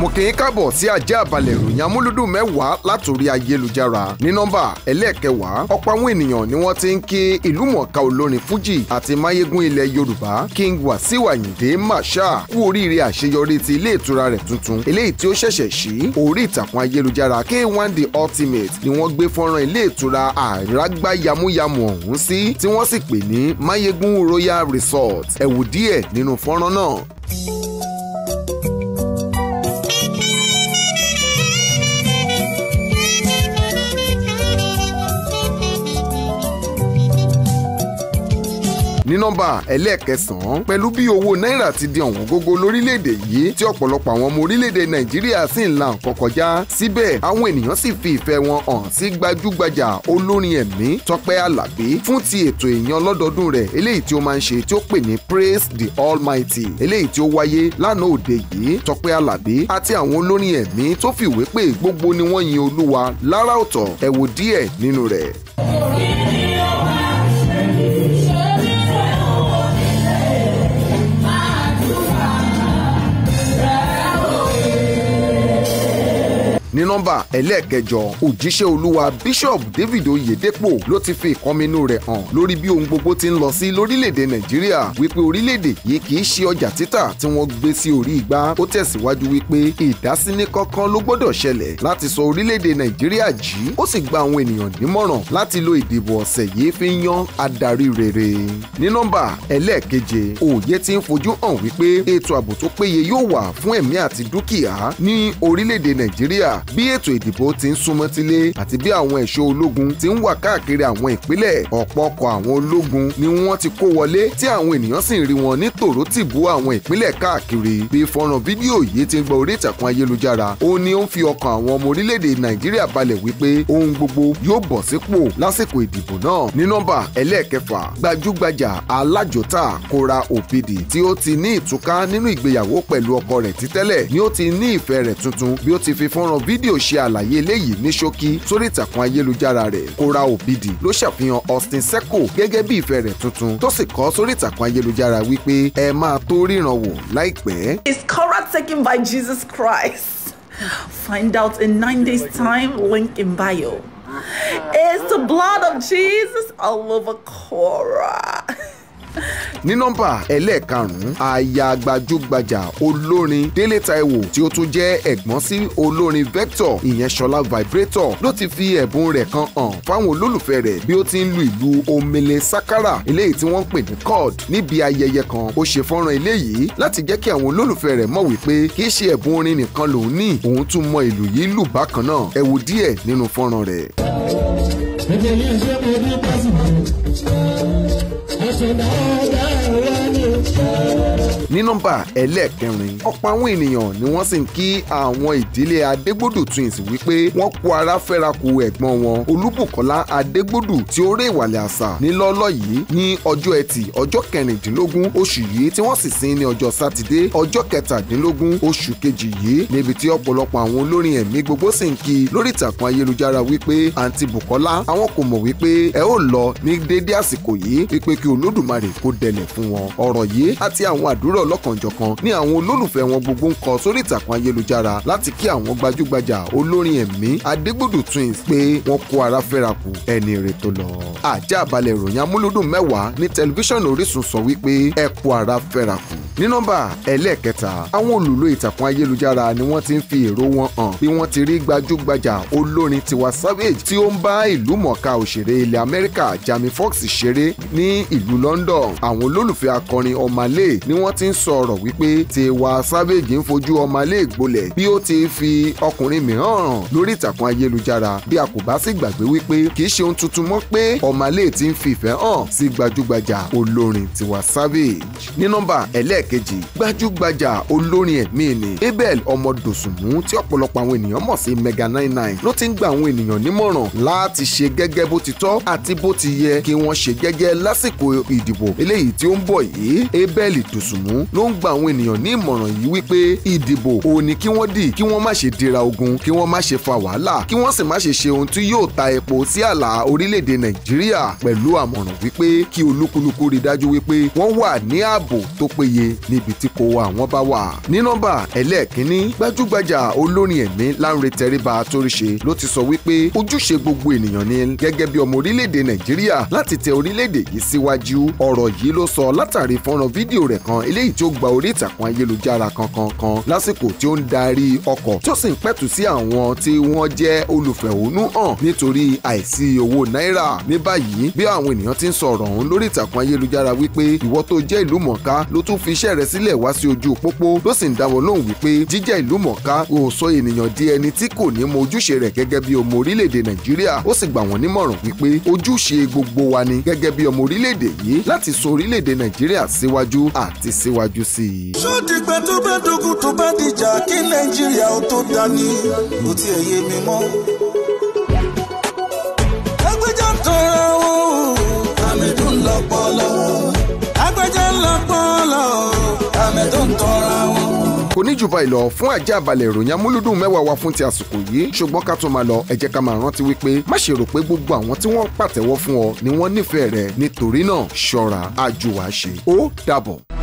mo kì í káàbọ̀ sí ajá balẹ̀ ìròyìn amúlùdùn mẹ́wàá látòrí ayélujára ní nọ́mbà ẹlẹ́ẹ̀kẹwàá ọ̀pọ̀ àwọn ènìyàn ni wọ́n ti ń kí ìlú mọ̀ọ́ká olórin fújì àti máyégún ilẹ̀ yorùbá king wàsíù àyìndé màṣá kú oríire àṣeyọrí ti ilé ìtura rẹ̀ tuntun eléyìí tí ó ṣẹ̀ṣẹ̀ ṣí orí ìtàkùn ayélujára k1 the ultimate ni wọ́n gbé fọ́nrán ilé ìtura àrágbá yamuyamu ọ̀hún sí tí wọ́n sì pè ní máyégún royal resort ẹ wò díẹ̀ nínú fọ́nrán náà. nọ́mbà ẹlẹ́ẹ̀kẹsàn-án pẹ̀lú bí owó náírà ti di ọ̀wọ́n gógó lórílẹ̀‐èdè yìí tí ọ̀pọ̀lọpọ̀ àwọn ọmọ orílẹ̀‐èdè nàìjíríà sì ń la nǹkan kọjá síbẹ̀ àwọn ènìyàn sì fi ìfẹ́ wọn hàn sí gbajúgbajà olórin ẹ̀mí tọ́pẹ́ àlàbí fún ti ètò èèyàn lọ́dọọdún rẹ̀ eléyìí tí ó máa ń ṣe tí ó pè ní praise the almighty eléyìí tí ó wáyé lánàá òde yìí tọ́pẹ́ àlàbí àti àwọn olórin ẹ̀mí tó fìwé pé gbogbo ni wọ́n yin nọ́mbà ẹlẹ́ẹ̀kẹjọ òjíṣẹ́ olúwa bishop david oyedepo ló ti fi ìkọminú rẹ̀ hàn lórí bí ohun gbogbo ti ń lọ sí lórílẹ̀‐èdè nàìjíríà wípé orílẹ̀‐èdè yìí kì í ṣe ọjà títà tí wọ́n gbé sí orí igbá ó tẹ̀síwájú wípé ìdásí ní kankan ló gbọ́dọ̀ ṣẹlẹ̀ láti sọ orílẹ̀‐èdè nàìjíríà jí ó sì gba àwọn ènìyàn nímọ̀ràn láti lo ìdìbò ọ̀sẹ̀ yìí fi yan adarí rere ní nọ́mbà ẹlẹ́ẹ̀keje òye ti ń fojú hàn wípé ètò ààbò tó péye yóò wà fún ẹ̀mí àti dúkìá ní orílẹ̀ nàìjíríà b bí ètò ìdìbò ti ń súnmọ́ tílé àti bí àwọn ẹ̀ṣọ́ ológun ti ń wà káàkiri àwọn ìpínlẹ̀ ọ̀pọ̀ ọkọ̀ àwọn ológun ni wọ́n ti kó wọlé tí àwọn ènìyàn sì ń rí wọn ní tòrótìbú àwọn ìpínlẹ̀ káàkiri bí fọ́nrán fídíò yìí ti ń gba orí ìtàkùn ayélujára ó ní ó ń fi ọkàn àwọn ọmọ orílẹ̀-èdè nàìjíríà balẹ̀ wípé ohun gbogbo yóò bọ̀ sípò lásìkò ìdìbò náà ní nọ́mbà ẹlẹ́ẹ̀kẹfà gbajúgbajà alájọta kóra òbídì tí ó ti ní ìtúká nínú ìgbéyàwó pẹ̀lú ọkọ rẹ̀ títẹ́lẹ̀ ni ó ti ní ìfẹ́ rẹ̀ tuntun bí ó ti fi fọ́nrán fídíò Rubio ṣe àlàyé eléyìí ní ṣókí sórí ìtàkùn ayélujára rẹ̀ Kora Obidi ló ṣàfihàn Austin Seko gẹ́gẹ́ bí ìfẹ́ rẹ̀ tuntun tó sì kọ sórí ìtàkùn ayélujára wípé ẹ máa tó ríran wò láìpẹ́. Is Kora taken by Jesus Christ? Find out in nine days time link in bio. It's the blood of Jesus all over Korah ní nọ́mbà ẹlẹ́ẹ̀karùn-ún aya gbajúgbajà olórin Délé Táíwò tí ó tún jẹ́ ẹ̀gbọ́n sí olórin Vector ìyẹn Ṣọlá Vibrator ló ti fi ẹ̀bùn rẹ̀ kan hàn fáwọn olólùfẹ́ rẹ̀ bí ó ti ń lu ìlú omele sakara eléyìí tí wọ́n ń pè ní chord níbi ayẹyẹ kan ó ṣe fọ́nrán eléyìí láti jẹ́ kí àwọn olólùfẹ́ rẹ̀ mọ̀ wípé kì í ṣe ẹ̀bùn orin nìkan lòun ní òun tún mọ ìlú yìí lù bákan náà ẹ wo díẹ̀ nínú fọ́nrán rẹ̀. ẹ̀jẹ̀ yẹn ṣe é mo bí pásítọ̀ ẹ̀ṣẹ̀ náà Thank you. ní nọ́mbà ẹlẹ́ẹ̀kẹrin ọ̀pọ̀ àwọn ènìyàn ni wọ́n sì ń kí àwọn ìdílé adégbòdù twins wípé wọ́n kó ara fẹ́ra ku ẹ̀gbọ́n wọn olúbùkọ́lá adégbòdù tí ó ré ìwàlẹ̀ àṣà nílọ́lọ́ yìí ní ọjọ́ ẹtì ọjọ́ kẹrìndínlógún oṣù yìí tí wọ́n sì sin ní ọjọ́ sátidé ọjọ́ kẹtàdínlógún oṣù kejì yìí níbi tí ọ̀pọ̀lọpọ̀ àwọn olórin ẹ̀mí gbogbo sì ń kí lórí ìtàkùn ayélujára wípé àǹtí bùkọ́lá àwọn kò mọ̀ wípé ẹ ó lọ ní dédé àsìkò yìí wípé kí olódùmarè kó dẹlẹ̀ fún wọn ọ̀rọ̀ yìí àti àwọn àdúrà lọ́rọ̀ lọ́kànjọ̀kan ni àwọn olólùfẹ́ wọn gbogbo ń kọ sórí ìtàkùn ayélujára láti kí àwọn gbajúgbajà olórin ẹ̀mí adégbòdù twins pé wọ́n kó ara fẹ́ra kù ẹni rè tó lọ. àjẹ́ àbálẹ̀ ìròyìn amúlùdùn mẹ́wàá ní tẹlifíṣàn Orísun sọ wípé ẹ kó ara fẹ́ra kù ní nọ́mbà ẹlẹ́ẹ̀kẹta àwọn olùlò ìtàkùn ayélujára ni wọ́n ti ń fi èrò wọn hàn bí wọ́n ti rí gbajúgbajà olórin Tiwa Savage tí ó ń bá ìlú mọ̀ọ́ká òṣèré ilẹ̀ Amẹ́ríkà Jamie Foxx ṣeré ní ìlú London àwọn olólùfẹ́ akọrin Ọmọlé ni wọ́n ti ń sọ̀rọ̀ wípé Tiwa Savage ń fojú Ọmọlé gbolẹ̀ bí ó ti fi ọkùnrin mìíràn hàn lórí ìtàkùn ayélujára bí a kò bá sì gbàgbé wípé kì í ṣe ẹlẹ́ẹ̀kejì gbajúgbajà olórin ẹ̀mí ni Abel ọmọ Dòsùnmú tí ọ̀pọ̀lọpọ̀ àwọn ènìyàn mọ̀ sí Mega nine ló ti ń gba àwọn ènìyàn nímọ̀ràn láti ṣe gẹ́gẹ́ bó ti tọ́ àti bó ti yẹ kí wọ́n ṣe gẹ́gẹ́ lásìkò ìdìbò eléyìí tí ó ń bọ̀ yìí Abel Dòsùnmú ló ń gba àwọn ènìyàn ní ìmọ̀ràn yìí wípé ìdìbò ò ní kí wọ́n dì kí wọ́n má ṣe dira ogun kí wọ́n má ṣe fa wàhálà kí wọ́n sì má ṣe ṣe ohun tí yóò ta epo sí àlà orílẹ̀-èdè Nàìjíríà pẹ̀lú àmọ̀ràn wípé kí olúkúlùkù rí dájú wípé wọ́n wà ní ààbò tó péye níbi tí kò wà wọ́n bá wà. ní nọ́mbà ẹlẹ́ẹ̀kínní gbajúgbajà olórin ẹ̀mí Lánrè Tẹríba àtòrìṣe ló ti sọ wípé ojúṣe gbogbo ènìyàn ni gẹ́gẹ́ bí ọmọ orílẹ̀-èdè Nàìjíríà láti tẹ orílẹ̀-èdè yìí síwájú ọ̀rọ̀ yìí ló sọ látàrí fọ́nrán fídíò rẹ̀ kan eléyìí tí ó gba orí ìtàkùn ayélujára kankan kan lásìkò tí ó ń darí ọkọ̀ tó sì ń pẹ̀tù sí àwọn tí wọ́n jẹ́ olùfẹ̀hónú hàn nítorí àìsí owó náírà ní báyìí bí àwọn ènìyàn ti ń sọ̀rọ̀ òun lórí ìtàkùn ayélujára wípé ìwọ tó jẹ́ ìlú mọ̀ọ́ká ló tún fi iṣẹ́ rẹ̀ sílẹ̀ wá sí ojú pópó tó sì ń dáwọ́ lóhùn wípé jíjẹ́ ìlú mọ̀ọ́ká kò sọ ènìyàn di ẹni tí kò ní mọ ojúṣe rẹ̀ gẹ́gẹ́ bí ọmọ orílẹ̀-èdè nàìjíríà ó sì gbà wọ́n nímọ̀ràn wípé ojúṣe gbogbo wa ni gẹ́gẹ́ bí ọmọ orílẹ̀-èdè yìí láti so orílẹ̀-èdè nàìjíríà síwájú àti síwájú sí i. ṣó ti pẹ́ tó bá dogun tó bá dìjà kí nàìjíríà ó tó dání kò tiẹ̀ yé mi mọ́. ẹgbẹ́jọ́ tó àmì dùn lọ́pọ̀ lọ́wọ́. kò ní jù báyìí lọ fún àjẹ́ àbálẹ̀ ìròyìn amúlùdùn mẹ́wàá wa fún ti àsìkò yìí ṣùgbọ́n ká tó máa lọ ẹ jẹ́ ká máa rántí wípé má ṣe rò pé gbogbo àwọn tí wọ́n pàtẹ́wọ́ fún ọ ni wọ́n nífẹ̀ẹ́ rẹ nítorí náà ṣọ́ra àjùwà ó dàbọ̀.